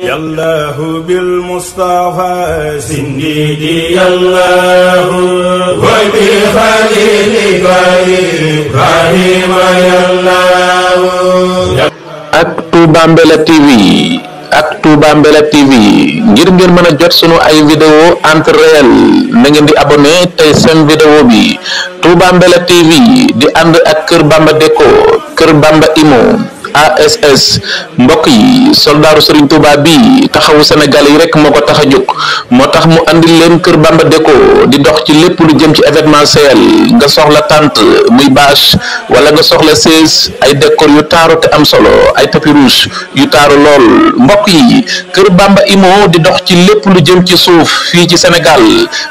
yallahu bil mustafa sindidi yallahu wa bi khalili ibrahima yallahu ak Touba TV ak Touba TV ngir ngeen mën a jot sunu ay vidéo entre réel di abonné tey seen vidéo bi Touba TV di ànd ak Kër Bamba Déco Kër Bamba Imo ASS mbokk yi soldaaru Serigne Touba bi taxawu Sénégal yi rek moo ko tax a jóg moo tax mu andil leen kër Bamba Déco di dox ci lépp lu jëm ci événementiel nga soxla tente muy bâche wala nga soxla chaise ay décor yu taaru te am solo ay tapis rouge yu taaru lool mbokk yi kër Bamba imoo di dox ci lépp lu jëm ci suuf fii ci Sénégal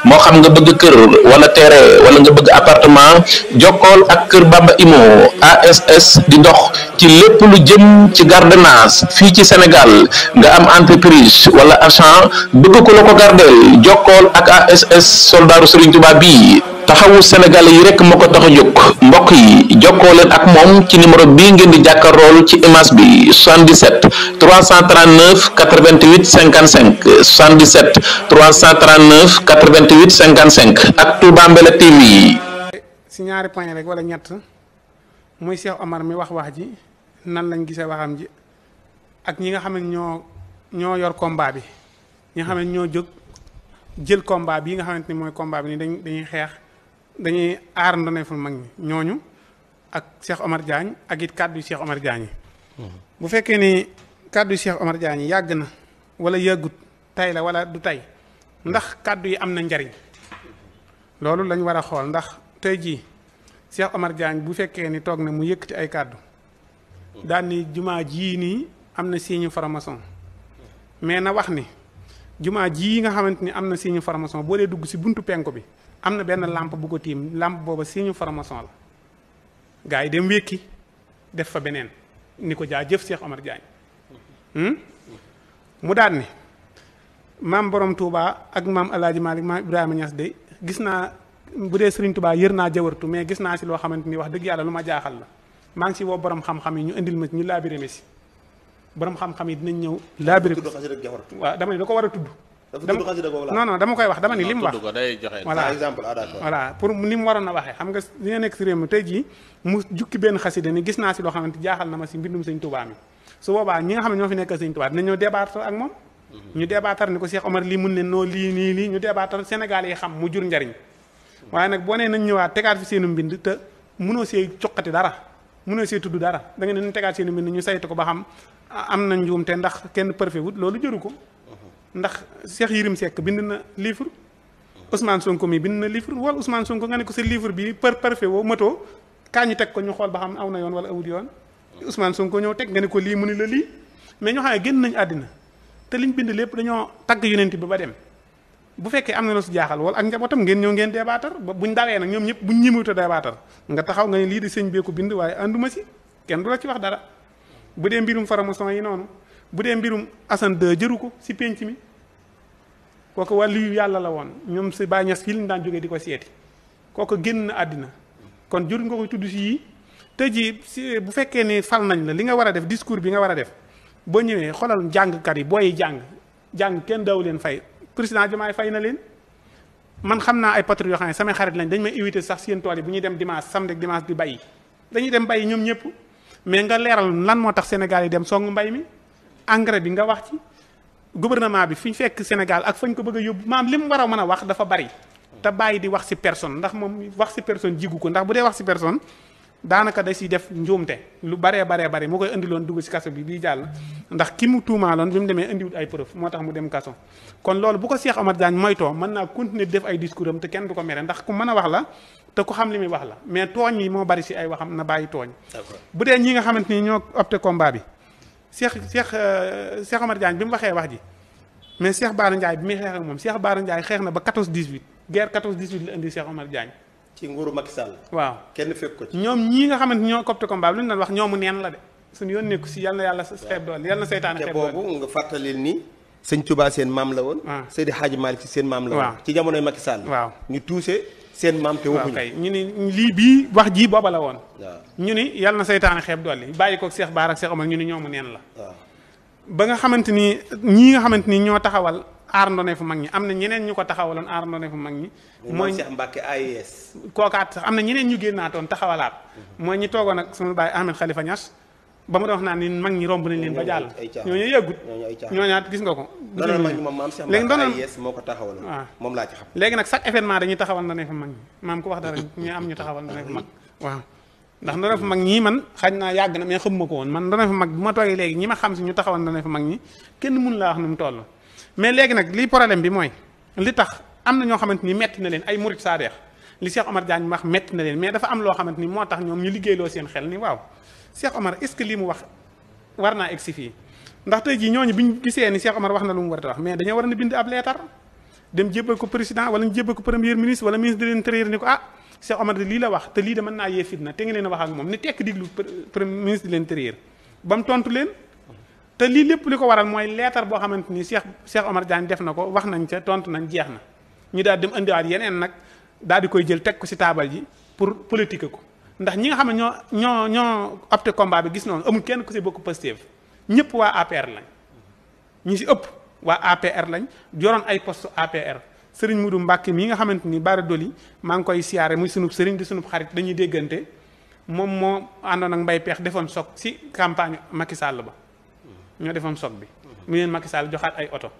moo xam nga bëgg kër wala teere nga bëgg appartement jokkool ak Kër Bamba Imo ASS di ndox ci lépp lu jëm ci gardenage fii ci Sénégal nga am entreprise wala agent bëgg ko la ko gardeel jokkool ak ASS soldaaru Serigne Touba bii. taxawu Senegal yi rek moo ko tax a jóg yi jokkoo ak mom ci numéro bii ngeen di jàkkarool ci image bi 77 339 88 55 77 339 88 55 ak Touba Mbella TV. si ñaari point rek wala ñett muy Cheikh Omar mi wax wax ji nan lañ gisee waxam ji ak ñi nga xam ne ñoo ñoo yor combat bi ñi nga xam ne ñoo jóg jël combat bi nga xamante ni combat bi ni dañ dañuy xeex dañuy aar ndoneeful mag ñi ñooñu ak Cheikh Omar Diagne ak it kaddu Cheikh Omar Diagne bu fekkee ni kaddu Cheikh Omar Diagne yi yàgg na wala yàggut tay la wala du tay ndax kaddu yi am na njariñ loolu lañ war a xool ndax tey jii Cheikh Omar Diagne bu fekkee ni toog na mu yëkkati ay kaddu daan ni juma jii nii am na signe formation mais na wax ni juma jii nga xamante ni am na signe formation boo dee dugg si buntu penko bi am na benn làmp bu ko tiim làmp booba signe franc-maçon la gars yi dem wékki def fa beneen ni ko jaa jëf Cheikh Omar Diagne hmm? mu daan ni maam borom Touba ak maam El Hadj Malick maam Ibrahima Niass de gis naa bu dee Serigne Touba yër naa jawartu mais gis naa si loo xamante ni wax dëgg yàlla lu ma jaaxal la maa ngi si woo borom xam-xam yi ñu indil ma ñu laabiré si boroom xam-xam yi dinañ ñëw. laabiré waaw dama ne da ko war a tudd. non non dama koy wax dama ni lim wax eh, wala nah, exemple voilà pour wala mu waroon a waxee xam nga li nga nekk si réew mi tey jii mu jukki benn xasida ni gis naa si loo xamante jaaxal na ma si mbindum sëñ Touba mi su boobaa ñi nga xam ne ñoo fi Touba dinañoo débattre ak moom mhm. ñu débattre ni ko Cheikh Omar lii mun ne noo lii nii lii ñu débattre Sénégal yi xam mu jur njariñ mhm. waaye nag boo nee nañ ñëwaat tegaat fi seenu mbind te mënoo see cuqati dara mënoo see tudd dara da nga ne nañ tegaat seenu mbind ñu saytu ko ba xam am na njuumte ndax kenn perfewut loolu jëru ko ndax Cheikh Yirim sek bind na livre Ousmane Sonko mi bind na livre wal Ousmane Sonko nga ne ko ce livre bi par parfait wo moto kañu tek ko ñu xol ba xam awna na wala awul yon Ousmane Sonko ñëw tek nga ne ko li mu ni la li mais ñu xam genn nañ adina te liñ bind lepp dañoo tag yonenti bi ba dem bu fekke amna na su jaaxal wal ak njabootam ngeen ñëw ngeen débaatar buñ dawe nak ñom ñep buñ ñimuta débaatar nga taxaw nga li di señ beeku bind waaye anduma ci kenn du la ci wax dara bu dee mbirum sama yi nonu bu dee mbirum Assane de jëru ko si penc mi kooku wàllu yàlla la woon ñoom si Baay Ñas yi lañ daan jógee di ko seeti na àddina kon jëru nga koy tudd si yii te ji bu fekkee ne fal nañ la li nga war def discours bi nga war a def boo ñëwee xoolal jàngkat yi booy jang jang kenn daaw leen fay président Diomaye fay na leen man xam naa ay patriotes yoo xam ne samay xarit lañ dañ may sax seen bu dem dimanche samedi ak dimanche di bay dañuy dem bay ñoom ñëpp mais nga leeral lan moo Sénégal yi dem songu mbay mi. engrais bi nga wax ci gouvernement bi fi ñu fekk Sénégal ak fañ ko bëgg a yóbbu maam li mu war a mën a wax dafa bari te bàyyi di wax ci personne ndax moom wax ci personne jigu ko ndax bu dee wax ci personne daanaka da ciy def njuumte lu baree baree bari moo koy indiloon dugg ci kaso bi bii jàll ndax ki mu tuumaaloon bi mu demee indiwut ay preuve moo tax mu dem kaso kon loolu bu ko Cheikh Omar Diagne moytoo mën naa continuer def ay discours am te kenn du ko mere ndax ku mën a wax la te ku xam li muy wax la mais tooñ yi moo bari ci ay waxam na bàyyi tooñ bu dee ñi nga xamante ni ñoo opté combat bi Cheikh Cheikh euh, Cheikh Omar Diagne bi mu waxee wax ji mais Cheikh Baara Ndiaye bi muy xeex moom Cheikh Baara Ndiaye xeex na ba 14 18 guerre 14 18 la indi Cheikh Omar ci nguuru Macky waaw kenn fekk ko ci. ñoom ñii nga xamante ñoo copte combat lu ñu doon wax ñoomu neen la de suñu yoon nekku si yal na yàlla xeeb doole yal na seytaane xeeb doole te boobu nga fàttalil ni. sëñ la woon. waaw ah. Seydi Hadji Malick si seen maam la woon. waaw ci jamonoy Macky Sall. waaw ñu tuuse. seen maam te waxuñu kay ñu ni lii bii wax ji booba la woon. ñu ni yàlla na seytaane xeeb dolli bàyyi koog seex Baar ak Cheikh Omar ñu ni ñoomu neen la. ba nga xamante ni ñii nga xamante ni ñoo taxawal aar ndone fu mag ñi am na ñeneen ñu ko taxawaloon aar ndone fu mag ñi. mooy Cheikh ay AIS. kookaat sax am na ñeneen ñu génnaatoon taxawalaat. Mm-hmm. mooy ñi toogoon ak sama baay Ahmed Khalifa Niass ba mu wax naan ni mag ñi romb nañ leen ba jàll ñooñu yàggut ñooñaat gis nga ko léegi doonal moo ah. laa ci xam léegi nag chaque événement dañuy taxawal na ne fa mag ñi maam ku wax dara ñu am ñu taxawal na ne fa mag waaw ndax ndana fa mag ñii man xañ naa yàgg na mais xamuma ko woon man ndana fa mag bu ma toogee léegi ñi ma xam si ñu taxawal ndana fa mag ñi kenn mun laa wax nu mu toll mais léegi nag lii problème bi mooy li tax am na ñoo xamante ni metti na leen ay murit saadeex li Cheikh Omar Diagne wax metti mais dafa am loo xamante ni moo tax ñoom ñu liggéeyloo seen xel ni waaw Cheikh Omar est-ce que lii wax war naa egg fii ndax tey jii ñooñu bi ñu gisee ni Cheikh Omar wax na lu mu war a wax mais dañoo war a bind ab leetar dem jébbal ko président wala ñu jébbal ko premier ministre wala ministre de l'intérieur ni ko ah Cheikh Omar de lii la wax te lii de mën naa yee fitna te nga leen a wax ak moom ni tekk diglu premier ministre de l'intérieur ba mu tontu leen. te lii lépp li ko waral mooy leetar boo xamante ni Cheikh Cheikh Omar Diagne def na ko wax nañ ca tontu nañ jeex na ñu daal dem indiwaat yeneen nag daal di koy jël teg ko ci taabal ji pour politique ko. ndax ñi nga xam ne ñoo ñoo ñoo opté combat bi gis noonu amul kenn ku si bokk Pastef ñëpp waa APR lañ ñi si ëpp waa APR lañ joroon ay post APR sëriñ Mudu Mbàkke mii nga xamante ni Bara Doli maa ngi koy siyaare muy sunub sëriñ di sunub xarit dañuy déggante moom moo àndoon ak mbay peex defoon soog si campagne Macky Sall ba ñoo defoon soog bi mu leen Macky Sall joxaat ay oto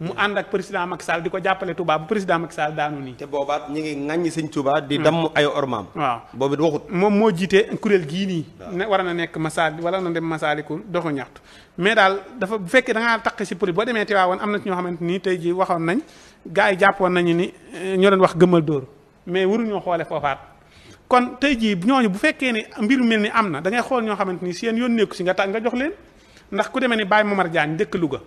mu ànd ak président Macky di ko jàppale Touba bu président Macky Sall daanu nii. te boobaat ñu ngi ŋàññi sëñ Touba. di hmm. damm ay ormaam. waaw boobu waxut. moom moo jiite kuréel gii nii. ne war na nekk Masal wala na dem Masaliku doxu ñaxtu. mais daal dafa bu fekkee da ngaa taq si politique boo demee Tiwaawoon am na ci ñoo xamante ni tey jii waxoon nañ gars yi jàppoon nañu ni eh, ñoo doon wax gëmmal dóor mais ñoo xoole foofaat. kon tey jii ñooñu bu fekkee ne mbir mel ni am na da ngay xool ñoo xamante ni seen yoon nekku si nga tax nga jox leen ndax ku demee ni Baye Momar Diagne dëkk Louga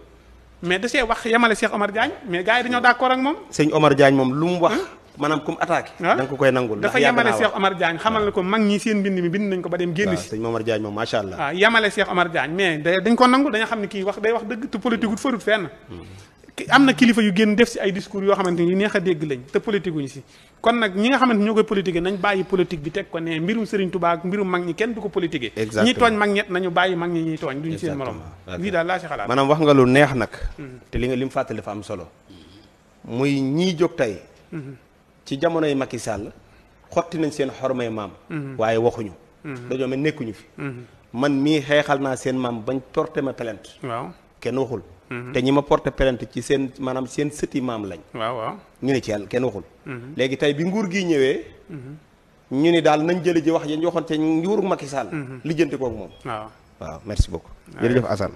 mais da see wax yemale Cheikh Omar Diagne mais gars yi dañoo d'accord ak moom. sëñ Omar moom lu mu wax. Hmm? maanaam ku mu attaqué. Ah? ko koy nangul dafa yemale Cheikh Omar Diagne xamal na ko mag ñi seen mbind mi bind nañ ko ba dem génn si. waaw sëñ Omar Diagne moom macha allah. waaw ah, yemale Cheikh Omar Diagne dañ ko nangu dañoo xam ne kii wax day wax dëgg te politique wut fenn. Hmm. am na kilifa yu génn def si ay discours yoo xamante ni neex a dégg lañ te politique wuñ si kon nag ñi nga xamante ñoo koy politiquer nañ bàyyi politique bi teg ko ne mbirum Serigne Touba ak mbirum mag ñi kenn du ko politiquer ñi tooñ mag ñett nañu bàyyi mag ñi ñuy tooñ duñ seen morom lii daal laa si xalaat maanaam wax nga lu neex nag mm-hmm. te li nga li mu fàttali dafa am solo muy ñii jóg tey mm-hmm. ci jamonoy Macky Sall xotti nañ seen xormay maam mm-hmm. waaye waxuñu dañoo mel nekkuñu fi man mii xeexal naa seen maam bañ porté ma plainte waaw kenn waxul. Mhm. te ñi ma porté plainte ci seen maanaam seen sëti maam lañ. waaw waaw ñu ne ci yàlla kenn waxul. Mhm. léegi tey bi nguur gi ñëwee. Mhm. ñu ni daal nañ jëli ji wax yañ waxoon te nguuru Macky Sall. lijjanti koog moom. waaw waaw merci beaucoup. jërëjëf Assane.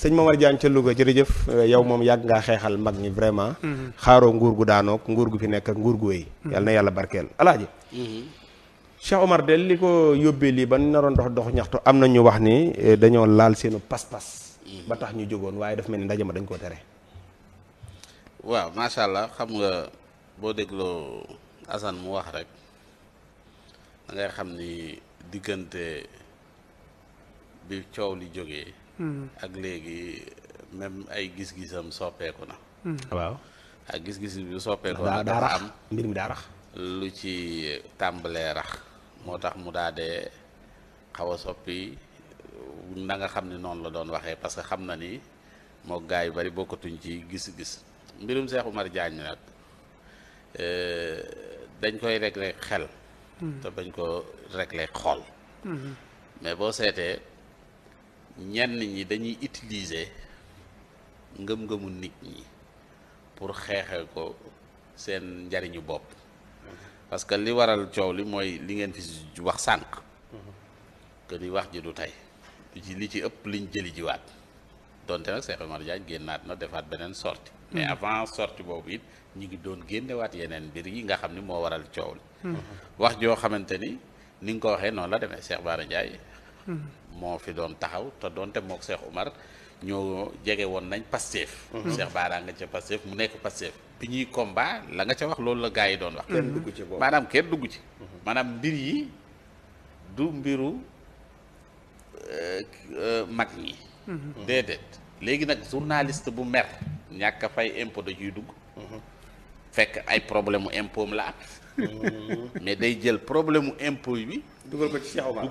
sëñ Momar Diagne ca Louga jërëjëf euh, yow moom yàgg ngaa xeexal mag ñi vraiment. xaaroo nguur gu daanook nguur gu fi nekk nguur gu wéy. yàlla na yàlla barkeel alaaji. Cheikh Omar del li ko yóbbee lii ba naroon dox dox ñaxtu am na ni euh, dañoo laal seenu Mhm. ba tax ñu jógoon waaye dafa mel ni ndaje ma dañ koo tere. waaw macha allah xam nga boo dégloo Assane mu wax rek da ngay xam ni diggante bi coow li jógee. Mhm. ak léegi même ay gis-gisam soppeeku na. Mhm. waaw ak ah, gis-gis bi soppeeku na. daa rax mbir mi daa rax. lu ci tàmbalee rax moo tax mu daa dee xaw a soppi. na nga xam ne noonu la doon waxee parce que xam na ni moo gaa yu bari bokkatuñ ci gis-gis mbirum Cheikh Oumar Diagne nag euh, dañ koy régler xel. Hmm. te bañ ko régler xool. Hmm. mais boo seetee ñenn ñi dañuy utiliser ngëm-ngëmu nit ñi pour xeexee ko seen njariñu bopp. parce que li waral coow li mooy li ngeen fi wax sànq. Hmm. que wax ji du tey. li ci li ci ëpp liñ jëli jiwaat donte nag Cheikh Oumar Diagne génnaat na defaat beneen sortie hmm. mais avant sortie boobu it ñu ngi doon génnewaat yeneen mbir yi nga xam ni moo waral coow li hmm. wax joo xamante ni ni nga ko waxee noonu la demee Cheikh Bara Ndiaye hmm. moo fi doon taxaw te doonte mook seex Oumar ñoo jege woon nañ Pastef Cheikh Bara nga ca Pastef mu nekk Pastef bi ñuy combat la nga ca wax loolu la gaa yi doon wax maanaam kenn dugg ci maanaam mbir yi du Euh, mag ñi mhm. déedéet léegi nag journaliste bu mer ñàkk a fay impôt da dugg mhm. fekk ay problème mu impôt la am mhm. mais day jël problème mu impôt bi dugal ko ci Cheikh Omar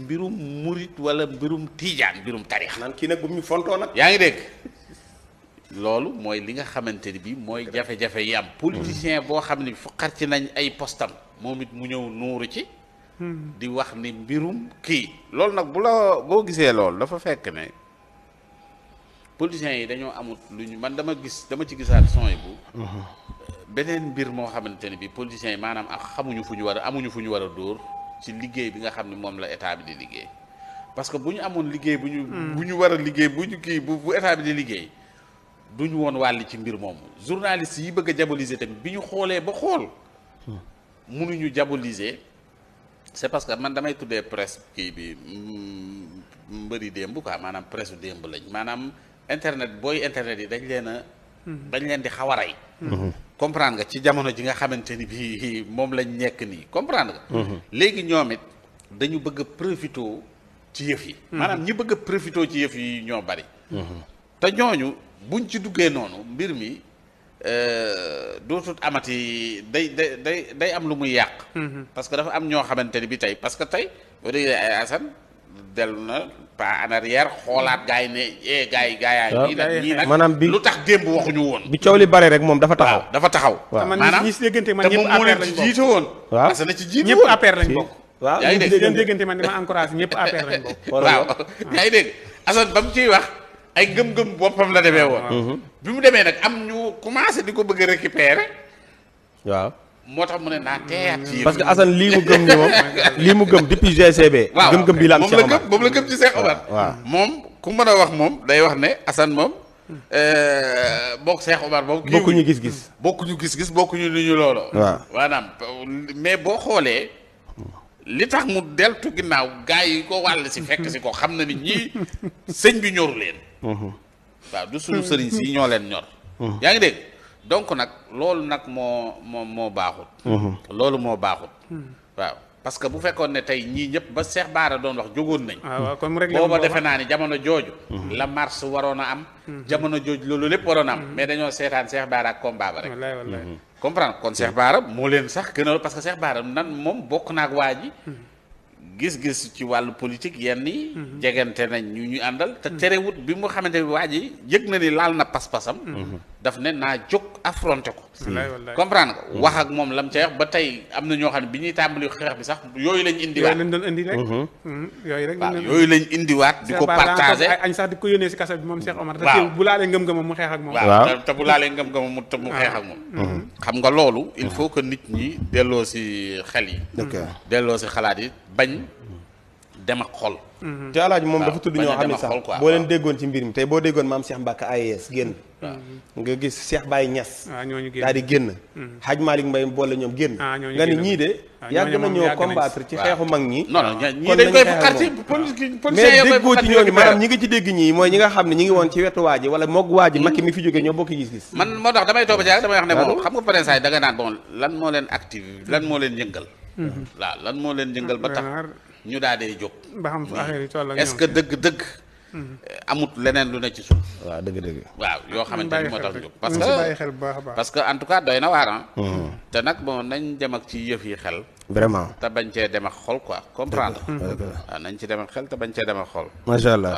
mbirum murit wala mbirum tiijaan mbirum tarix naan kii nag bu yaa ngi dégg loolu mooy li nga xamante ni bi mooy jafe-jafe yi am politicien boo xam ne bi foqar ci nañ ay postam moom it mu ñëw nuuru ci di wax ni mbirum kii loolu nag bu la boo gisee loolu dafa fekk ne politiciens yi dañoo amut lu ñu man dama gis dama ci gisaat son yi bu uh-huh. beneen mbir moo xamante ne bi politiciens yi maanaam ak xamuñu fu ñu war a amuñu fu ñu war a dóor ci liggéey bi nga xam ne moom la état bi di liggéey parce que bu ñu amoon liggéey bu ñu hmm. bu ñu war a liggéey bu ñu kii bu bu état bi di liggéey du ñu woon wàll ci mbir moomu journaliste yi bëgg a diaboliser tamit bi ñu xoolee ba xool mënuñu hmm. c'est parce que man damay tuddee presse kii bi mm, mm, mbëri démb quoi maanaam presse démb lañ maanaam internet booy internet yi dañ leen a mhm. dañ leen di xaw a rey mhm. comprendre nga ci jamono ji nga xamante ni bi moom lañ nekk nii comprend nga mhm. léegi ñoom it dañu bëgg a ci yëf yi maanaam ñi bëgg a ci yëf yi ñoo bari te ñooñu buñ ci duggee noonu mbir mi Euh, dootut amati day day day day am lu muy yàq. Mhm. parce que dafa am ñoo xamante ni bi tey parce que tey boo déggee ay Assane dellu na pas en arrière xoolaat gars yi ne eh gars yi gars yi. ñii nag maanaam bi lu tax démb waxuñu woon. bi coow li bare rek moom dafa taxaw. dafa taxaw. waaw maanaam te moom moo leen ci jiite woon. waaw Assane ci jiite woon ñëpp APR lañ bokk. waaw yaa ngi dégg ngeen déggante man dama encouragé ñëpp APR lañ bokk. waaw yaa dégg Assane ba mu ciy wax ay gëm-gëm boppam la demee woon. Mhm. bi mu demee nag am commencé di ko bëgg a récupérer. waaw moo tax mu ne naa teeyaat ci parce que Assane lii mu gëm ni moom lii mu gëm depuis GCB. waaw gëm-gëm bii la am Cheikh Omar moom la gëm moom la gëm ci Cheikh Omar. waaw moom ku mën a wax moom day wax ne Assane moom. Euh, bokk Cheikh Omar boobu. bokkuñu gis-gis bokkuñu gis-gis bokkuñu lu ñu loolu. waaw maanaam mais boo xoolee. li tax mu deltu ginnaaw gars yi ko wàll si fekk si ko xam na ni ñii sëñ bi ñoru leen. Mhm. waaw du suñu sëriñ si ñoo leen ñor. yaa ngi dégg donc nag loolu nag moo moo moo baaxut. Mhm. loolu moo baaxut. Hmm. waaw parce que bu fekkoon ne tey ñii ñëpp ba Cheikh Baara doon wax jógoon nañ. Ah, waaw kon mu booba defe naa ni jamono jooju. Mhm. la mars waroon a am. Mhm. jamono jooju loolu lépp waroon a am. mais dañoo seetaan seex Baara ak combat ba rek. wallaay wallaay comprendre kon Cheikh Baara moo leen sax gën a parce que Cheikh Baara nan moom bokk naag waa ji. gis-gis ci wàllu politique yenn yi. jegante nañ ñu ñu àndal. te terewut bi mu xamante ne waa ji yëg na ni laal na pas-pasam. daf ne naa jóg affronté ko. Hmm. comprendre nga hmm. wax ak moom lam ca ba tey am na ñoo xam ne bi ñuy tàmbali xeex bi sax yooyu lañ indiwaat. yooyu lañ doon indi rek. Hmm. yooyu rek yooyu lañ indiwaat. di ko partagé añ sax di ko yónnee si kasa bi moom Cheikh Omar. waaw te bu laalee ngëm-ngëmam mu xeex ak moom. waaw te bu laalee ngëm-ngëmam mu mu xeex ak moom. xam nga loolu. il faut que nit ñi delloo si xel yi. delloo si xalaat yi bañ. dem ak xol mhm. te alaaji mom dafa tuddu ñoo xamni sax bo leen déggon ci mbir mi tey boo déggoon maam Cheikh mbaka ayes genn nga gis Cheikh Baye Niass ah, daal di génn mhm. Hadj Malick Mbaye boole ñom genn ah, nga ni ñi de yag na ñoo combattre ci xexu mag ñi non ñi dañ koy xar ci mais déggoo ci ñooñu maanaam ñi nga ci dégg ñi moy ñi nga xamni ñi ngi won ci wetu waji wala moog waji makki mi fi jógee ñoo bokk gis-gis man mo tax damay toba ci jàng damay wax ne bu xam nga parrainage da nga naan bon lan mo leen active lan mo leen yëngal la mhm. lan mo leen yëngal ba tax ñu daal di jóg. ba xam affaire yi toll ak est-ce que dëgg dëgg. Hmm. amut leneen lu ne ci suuf. waaw dëgg dëgg. waaw yoo xamante ni moo tax jóg parce que parce que en tout cas doy na waar hmm. te nag bon nañ dem ak ci yëf yi xel. vraiment te bañ cee dem ak xol quoi comprendre. waaw nañ ci dem ak xel te bañ cee dem ak xol. macha allah.